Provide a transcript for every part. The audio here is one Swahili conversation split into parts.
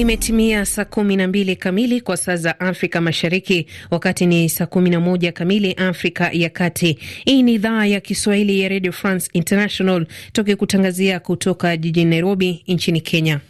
Imetimia saa kumi na mbili kamili kwa saa za Afrika Mashariki, wakati ni saa kumi na moja kamili Afrika ya Kati. Hii ni idhaa ya Kiswahili ya Radio France International, tukikutangazia kutoka jijini Nairobi nchini Kenya.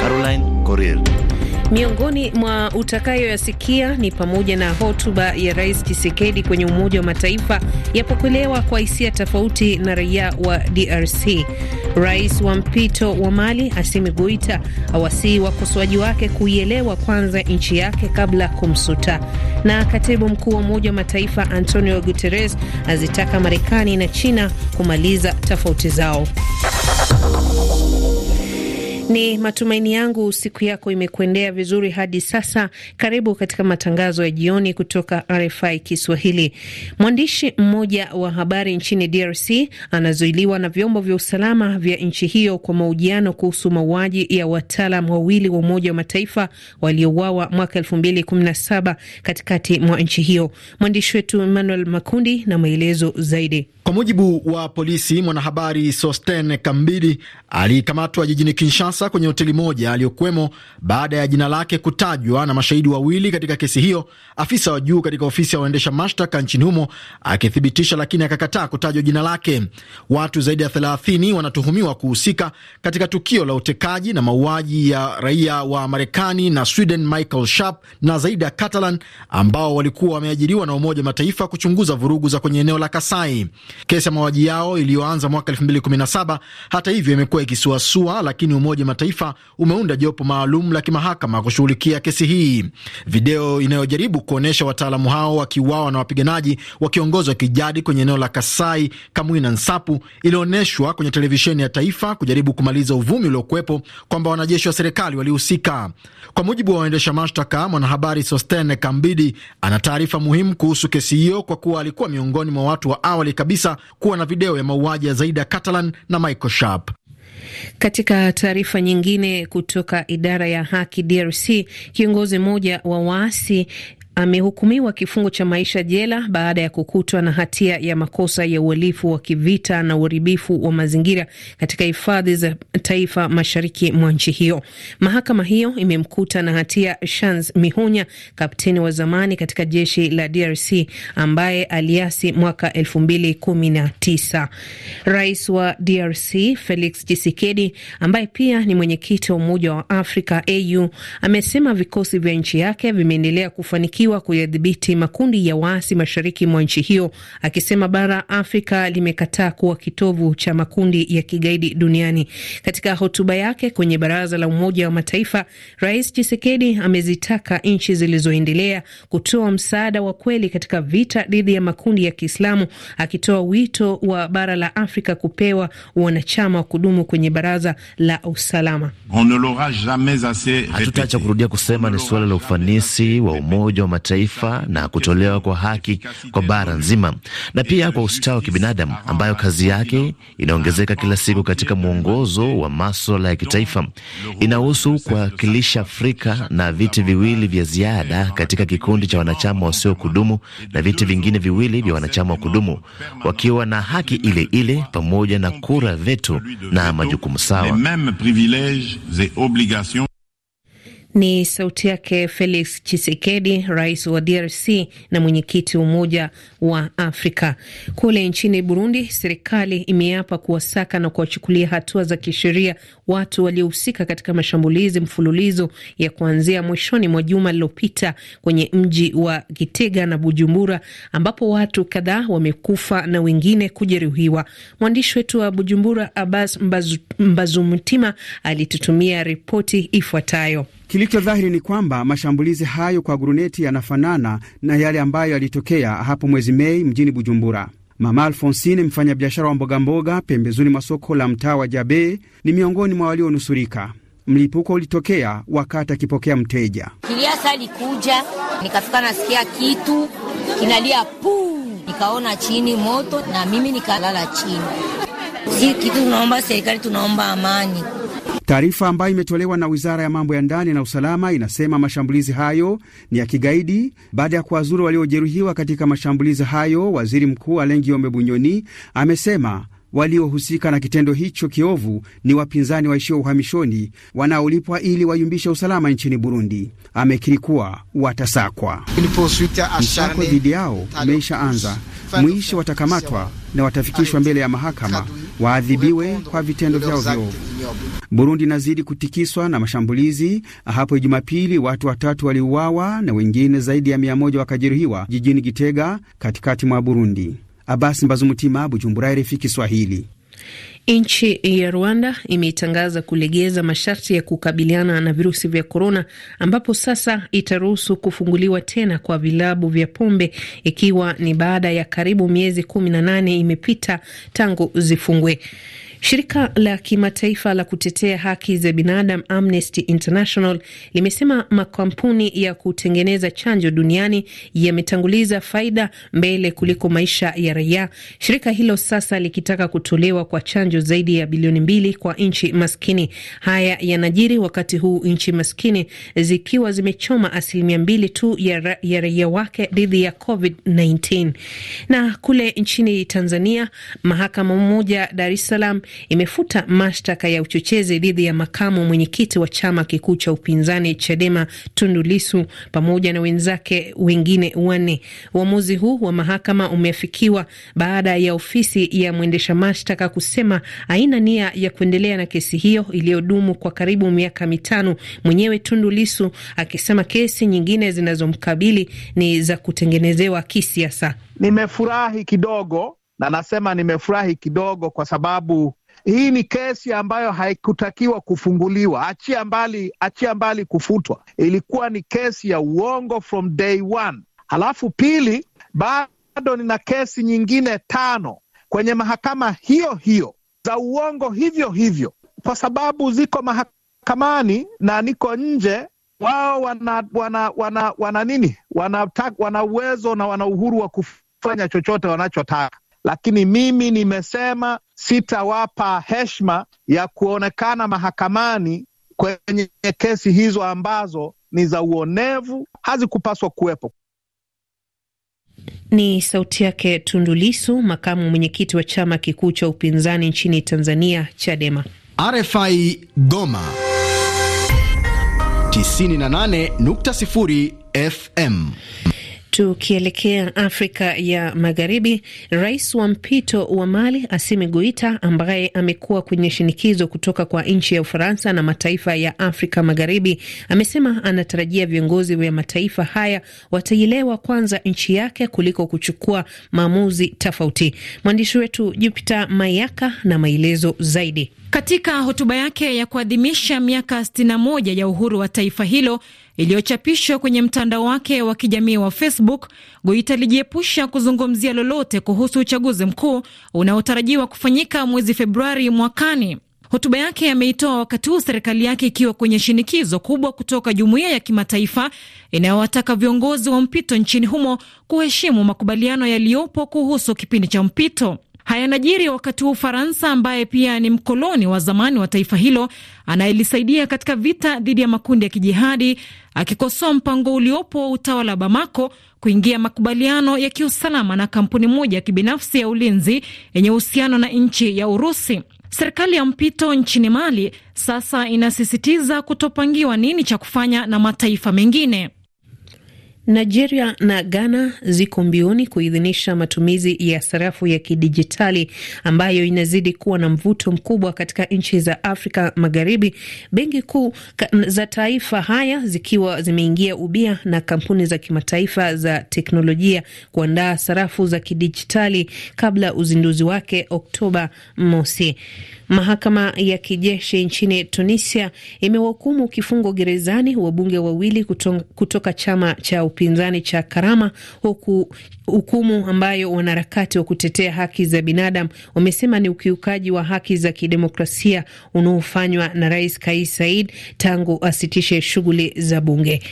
Caroline Miongoni mwa utakayoyasikia ni pamoja na hotuba ya Rais chisekedi kwenye Umoja wa Mataifa yapokelewa kwa hisia tofauti na raia wa DRC. Rais wa mpito wa Mali asimi guita awasii wakosoaji wake kuielewa kwanza nchi yake kabla kumsuta, na katibu mkuu wa Umoja wa Mataifa Antonio Guterres azitaka Marekani na China kumaliza tofauti zao. Ni matumaini yangu siku yako imekuendea vizuri hadi sasa. Karibu katika matangazo ya jioni kutoka RFI Kiswahili. Mwandishi mmoja wa habari nchini DRC anazuiliwa na vyombo vya usalama vya nchi hiyo kwa mahojiano kuhusu mauaji ya wataalam wawili wa Umoja wa Mataifa waliouawa mwaka saba katikati mwa nchi hiyo. Mwandishi wetu Emmanuel Makundi na maelezo zaidi. Kwa mujibu wa polisi, mwanahabari Sosten Kambidi alikamatwa jijini Kinshasa Mombasa kwenye hoteli moja aliyokuwemo baada ya jina lake kutajwa na mashahidi wawili katika kesi hiyo, afisa wa juu katika ofisi ya waendesha mashtaka nchini humo akithibitisha, lakini akakataa kutajwa jina lake. Watu zaidi ya 30 wanatuhumiwa kuhusika katika tukio la utekaji na mauaji ya raia wa Marekani na Sweden Michael Sharp na Zaida Catalan ambao walikuwa wameajiriwa na Umoja wa Mataifa kuchunguza vurugu za kwenye eneo la Kasai. Kesi ya mauaji yao iliyoanza mwaka 2017 hata hivyo imekuwa ikisuasua, lakini Umoja Umoja Mataifa umeunda jopo maalum la kimahakama kushughulikia kesi hii. Video inayojaribu kuonyesha wataalamu hao wakiuawa na wapiganaji wakiongozwa kijadi kwenye eneo la Kasai Kamwina Nsapu ilionyeshwa kwenye televisheni ya taifa kujaribu kumaliza uvumi uliokuwepo kwamba wanajeshi wa serikali walihusika. Kwa mujibu wa waendesha mashtaka, mwanahabari Sostene Kambidi ana taarifa muhimu kuhusu kesi hiyo kwa kuwa alikuwa miongoni mwa watu wa awali kabisa kuwa na video ya mauaji ya Zaida Catalan na Michael Sharp. Katika taarifa nyingine kutoka idara ya haki DRC, kiongozi mmoja wa waasi amehukumiwa kifungo cha maisha jela baada ya kukutwa na hatia ya makosa ya uhalifu wa kivita na uharibifu wa mazingira katika hifadhi za taifa mashariki mwa nchi hiyo. Mahakama hiyo imemkuta na hatia Shans Mihunya, kapteni wa zamani katika jeshi la DRC ambaye aliasi mwaka elfu Rais wa DRC Felix Tshisekedi ambaye pia ni mwenyekiti wa Umoja wa Afrika AU amesema vikosi vya nchi yake vimeendelea kufanikia kufanikiwa kuyadhibiti makundi ya waasi mashariki mwa nchi hiyo, akisema bara Afrika limekataa kuwa kitovu cha makundi ya kigaidi duniani. Katika hotuba yake kwenye baraza la Umoja wa Mataifa, Rais chisekedi amezitaka nchi zilizoendelea kutoa msaada wa kweli katika vita dhidi ya makundi ya Kiislamu, akitoa wito wa bara la Afrika kupewa wanachama wa kudumu kwenye baraza la usalama. Hatutaacha kurudia kusema ni suala la ufanisi wa Umoja mataifa na kutolewa kwa haki kwa bara nzima na pia kwa ustawi wa kibinadamu, ambayo kazi yake inaongezeka kila siku katika mwongozo wa maswala ya kitaifa. Inahusu kuwakilisha Afrika na viti viwili vya ziada katika kikundi cha wanachama wasio kudumu na viti vingine viwili vya wanachama wa kudumu, wakiwa na haki ile ile pamoja na kura vetu na majukumu sawa. Ni sauti yake Felix Chisekedi, rais wa DRC na mwenyekiti wa Umoja wa Afrika. Kule nchini Burundi, serikali imeapa kuwasaka na kuwachukulia hatua za kisheria watu waliohusika katika mashambulizi mfululizo ya kuanzia mwishoni mwa juma lililopita kwenye mji wa Gitega na Bujumbura, ambapo watu kadhaa wamekufa na wengine kujeruhiwa. Mwandishi wetu wa Bujumbura, Abbas Mbazumtima, alitutumia ripoti ifuatayo. Kilicho dhahiri ni kwamba mashambulizi hayo kwa guruneti yanafanana na yale ambayo yalitokea hapo mwezi Mei mjini Bujumbura. Mama Alfonsine, mfanyabiashara wa mbogamboga pembezoni mwa soko la mtaa wa Jabe, ni miongoni mwa walionusurika. Mlipuko ulitokea wakati akipokea mteja. Kiliasa alikuja, nikafika nasikia kitu kinalia puu, nikaona chini moto na mimi nikalala chini. Si kitu tunaomba serikali, tunaomba amani Taarifa ambayo imetolewa na wizara ya mambo ya ndani na usalama inasema mashambulizi hayo ni ya kigaidi baada ya kuwazuru waliojeruhiwa katika mashambulizi hayo. Waziri Mkuu Alengi Yombe Bunyoni amesema waliohusika na kitendo hicho kiovu ni wapinzani waishio uhamishoni wanaolipwa ili wayumbishe usalama nchini Burundi. Amekiri kuwa watasakwa. Msako dhidi yao umeisha anza, mwisho watakamatwa na watafikishwa mbele ya mahakama waadhibiwe kwa vitendo vyao viovu. Burundi inazidi kutikiswa na mashambulizi. Hapo Jumapili watu watatu waliuawa na wengine zaidi ya mia moja wakajeruhiwa jijini Gitega, katikati mwa Burundi. Abasi Mbazumutima, Bujumbura, RFI Kiswahili. Nchi ya Rwanda imetangaza kulegeza masharti ya kukabiliana na virusi vya korona, ambapo sasa itaruhusu kufunguliwa tena kwa vilabu vya pombe, ikiwa ni baada ya karibu miezi kumi na nane imepita tangu zifungwe. Shirika la kimataifa la kutetea haki za binadamu Amnesty International limesema makampuni ya kutengeneza chanjo duniani yametanguliza faida mbele kuliko maisha ya raia, shirika hilo sasa likitaka kutolewa kwa chanjo zaidi ya bilioni mbili kwa nchi maskini. Haya yanajiri wakati huu nchi maskini zikiwa zimechoma asilimia mbili tu ya, ra ya raia wake dhidi ya COVID-19. Na kule nchini Tanzania, mahakama moja Dar es Salaam imefuta mashtaka ya uchochezi dhidi ya makamu mwenyekiti wa chama kikuu cha upinzani Chadema Tundu pamoja na wenzake wengine wanne. Uamuzi huu wa mahakama umeafikiwa baada ya ofisi ya mwendesha mashtaka kusema haina nia ya kuendelea na kesi hiyo iliyodumu kwa karibu miaka mitano, mwenyewe Tundu akisema kesi nyingine zinazomkabili ni za kutengenezewa kisiasa. Nimefurahi kidogo na nasema nimefurahi kidogo kwa sababu hii ni kesi ambayo haikutakiwa kufunguliwa, achia mbali, achia mbali kufutwa. Ilikuwa ni kesi ya uongo from day one. Halafu pili, bado nina kesi nyingine tano kwenye mahakama hiyo hiyo za uongo hivyo hivyo, kwa sababu ziko mahakamani na niko nje wao wana wana wana wana nini, wana uwezo na wana uhuru wa kufanya chochote wanachotaka, lakini mimi nimesema sitawapa heshima ya kuonekana mahakamani kwenye kesi hizo ambazo ni za uonevu, hazikupaswa kuwepo. Ni sauti yake Tundu makamu mwenyekiti wa chama kikuu cha upinzani nchini Tanzania, Chadema. RFI Goma 98.0 FM. Tukielekea Afrika ya Magharibi, rais wa mpito wa Mali asimi guita ambaye amekuwa kwenye shinikizo kutoka kwa nchi ya Ufaransa na mataifa ya Afrika Magharibi, amesema anatarajia viongozi wa mataifa haya wataielewa kwanza nchi yake kuliko kuchukua maamuzi tofauti. Mwandishi wetu Jupiter Mayaka na maelezo zaidi. Katika hotuba yake ya kuadhimisha miaka 61 ya uhuru wa taifa hilo iliyochapishwa kwenye mtandao wake wa kijamii wa Facebook, Goita alijiepusha kuzungumzia lolote kuhusu uchaguzi mkuu unaotarajiwa kufanyika mwezi Februari mwakani. Hotuba yake ameitoa wakati huu serikali yake ikiwa kwenye shinikizo kubwa kutoka jumuiya ya kimataifa inayowataka viongozi wa mpito nchini humo kuheshimu makubaliano yaliyopo kuhusu kipindi cha mpito hayanajiri wakati huu Ufaransa ambaye pia ni mkoloni wa zamani wa taifa hilo anayelisaidia katika vita dhidi ya makundi ya kijihadi, akikosoa mpango uliopo wa utawala wa Bamako kuingia makubaliano ya kiusalama na kampuni moja ya kibinafsi ya ulinzi yenye uhusiano na nchi ya Urusi. Serikali ya mpito nchini Mali sasa inasisitiza kutopangiwa nini cha kufanya na mataifa mengine. Nigeria na Ghana ziko mbioni kuidhinisha matumizi ya sarafu ya kidijitali ambayo inazidi kuwa na mvuto mkubwa katika nchi za Afrika Magharibi, benki kuu za taifa haya zikiwa zimeingia ubia na kampuni za kimataifa za teknolojia kuandaa sarafu za kidijitali kabla uzinduzi wake Oktoba mosi. Mahakama ya kijeshi nchini Tunisia imewahukumu kifungo gerezani wabunge wawili kutoka chama cha upinzani cha Karama, huku hukumu ambayo wanaharakati wa kutetea haki za binadamu wamesema ni ukiukaji wa haki za kidemokrasia unaofanywa na Rais Kais Said tangu asitishe shughuli za bunge.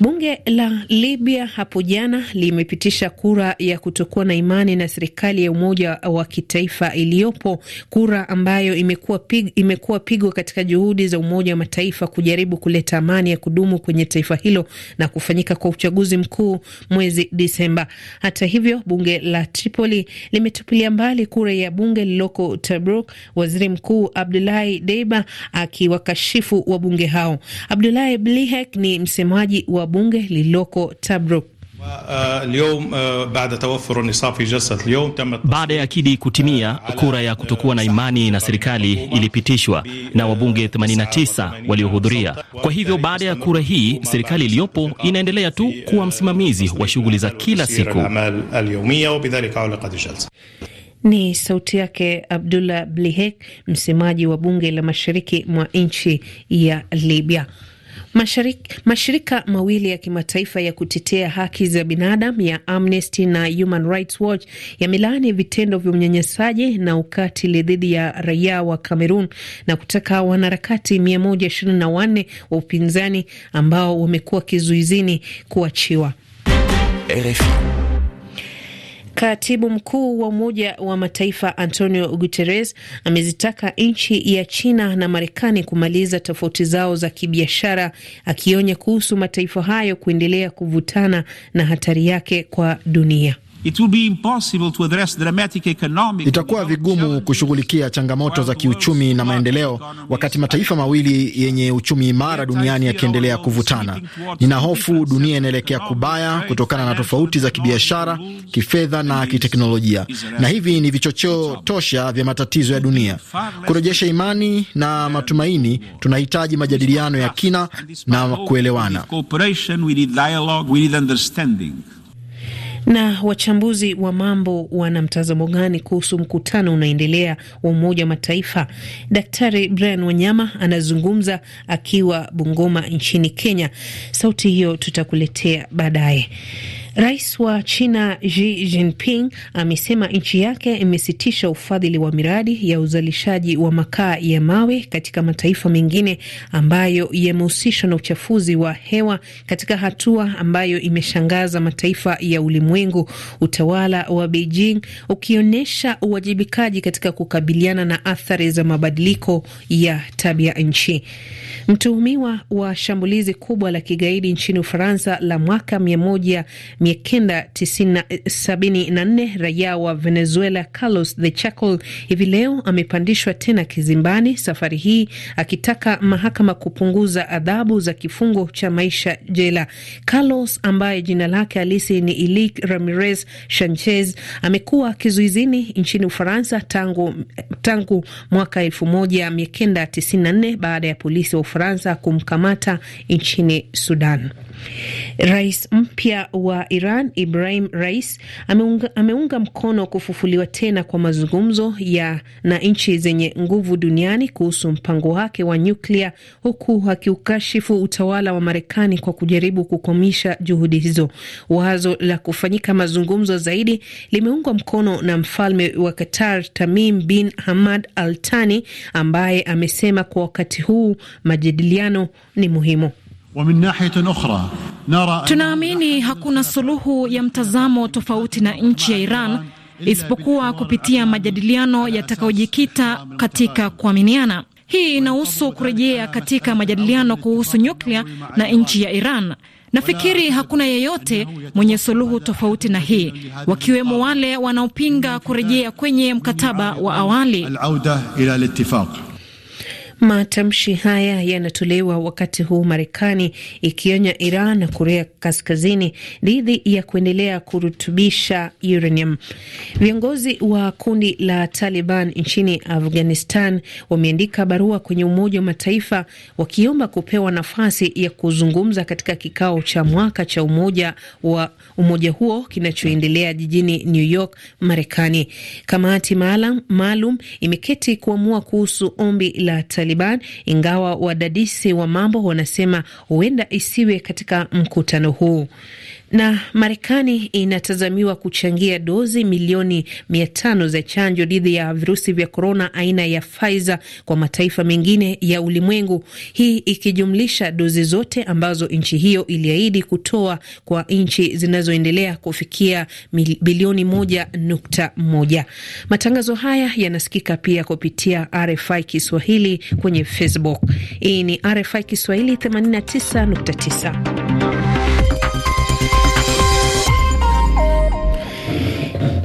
Bunge la Libya hapo jana limepitisha kura ya kutokuwa na imani na serikali ya umoja wa kitaifa iliyopo, kura ambayo imekuwa pig, imekuwa pigo katika juhudi za Umoja wa Mataifa kujaribu kuleta amani ya kudumu kwenye taifa hilo na kufanyika kwa uchaguzi uchaguzi mkuu mwezi Disemba. Hata hivyo, bunge la Tripoli limetupilia mbali kura ya bunge lililoko tabruk waziri mkuu Abdulahi Deiba akiwakashifu wabunge hao. Abdulahi Blihek ni msemaji wa bunge lililoko tabruk baada ya akidi kutimia, kura ya kutokuwa na imani na serikali ilipitishwa na wabunge 89 waliohudhuria. Kwa hivyo baada ya kura hii, serikali iliyopo inaendelea tu kuwa msimamizi wa shughuli za kila siku. Ni sauti yake Abdullah Blihek, msemaji wa bunge la mashariki mwa nchi ya Libya. Mashariki, mashirika mawili ya kimataifa ya kutetea haki za binadamu ya Amnesty na Human Rights Watch yamelaani vitendo vya unyanyasaji na ukatili dhidi ya raia wa Cameroon na kutaka wanaharakati 124 wa upinzani ambao wamekuwa kizuizini kuachiwa. RFI. Katibu mkuu wa Umoja wa Mataifa Antonio Guterres amezitaka nchi ya China na Marekani kumaliza tofauti zao za kibiashara, akionya kuhusu mataifa hayo kuendelea kuvutana na hatari yake kwa dunia. Itakuwa vigumu kushughulikia changamoto za kiuchumi na maendeleo wakati mataifa mawili yenye uchumi imara duniani yakiendelea kuvutana. Nina hofu dunia inaelekea kubaya kutokana na tofauti za kibiashara, kifedha na kiteknolojia, na hivi ni vichocheo tosha vya matatizo ya dunia. Kurejesha imani na matumaini, tunahitaji majadiliano ya kina na kuelewana. Na wachambuzi wa mambo wana mtazamo gani kuhusu mkutano unaendelea wa Umoja wa Mataifa? Daktari Brian Wanyama anazungumza akiwa Bungoma nchini Kenya. Sauti hiyo tutakuletea baadaye. Rais wa China Xi Jinping amesema nchi yake imesitisha ufadhili wa miradi ya uzalishaji wa makaa ya mawe katika mataifa mengine ambayo yamehusishwa na uchafuzi wa hewa katika hatua ambayo imeshangaza mataifa ya ulimwengu, utawala wa Beijing ukionyesha uwajibikaji katika kukabiliana na athari za mabadiliko ya tabia nchi. Mtuhumiwa wa shambulizi kubwa la kigaidi nchini Ufaransa la mwaka mia moja 974 eh, raia wa Venezuela Carlos The Chacol hivi leo amepandishwa tena kizimbani, safari hii akitaka mahakama kupunguza adhabu za kifungo cha maisha jela. Carlos ambaye jina lake halisi ni Ilik Ramirez Sanchez amekuwa kizuizini nchini Ufaransa tangu, tangu mwaka 1994 baada ya polisi wa Ufaransa kumkamata nchini Sudan. Rais mpya wa Iran Ibrahim Rais ameunga, ameunga mkono kufufuliwa tena kwa mazungumzo ya na nchi zenye nguvu duniani kuhusu mpango wake wa nyuklia huku akiukashifu utawala wa Marekani kwa kujaribu kukomisha juhudi hizo. Wazo la kufanyika mazungumzo zaidi limeungwa mkono na mfalme wa Qatar Tamim bin Hamad Al Thani ambaye amesema kwa wakati huu majadiliano ni muhimu. Tunaamini hakuna suluhu ya mtazamo tofauti na nchi ya Iran isipokuwa kupitia majadiliano yatakayojikita katika kuaminiana. Hii inahusu kurejea katika majadiliano kuhusu nyuklia na nchi ya Iran. Nafikiri hakuna yeyote mwenye suluhu tofauti na hii, wakiwemo wale wanaopinga kurejea kwenye mkataba wa awali. Matamshi haya yanatolewa wakati huu Marekani ikionya Iran na Korea Kaskazini dhidi ya kuendelea kurutubisha uranium. Viongozi wa kundi la Taliban nchini Afghanistan wameandika barua kwenye Umoja wa Mataifa wakiomba kupewa nafasi ya kuzungumza katika kikao cha mwaka cha umoja wa umoja huo kinachoendelea jijini New York, Marekani. Kamati maalum imeketi kuamua kuhusu ombi la Taliban Taliban, ingawa wadadisi wa mambo wanasema huenda isiwe katika mkutano huu. Na Marekani inatazamiwa kuchangia dozi milioni mia tano za chanjo dhidi ya virusi vya korona aina ya Pfizer kwa mataifa mengine ya ulimwengu, hii ikijumlisha dozi zote ambazo nchi hiyo iliahidi kutoa kwa nchi zinazoendelea kufikia bilioni moja nukta moja. Matangazo haya yanasikika pia kupitia RFI Kiswahili kwenye Facebook. Hii ni RFI Kiswahili 89.9.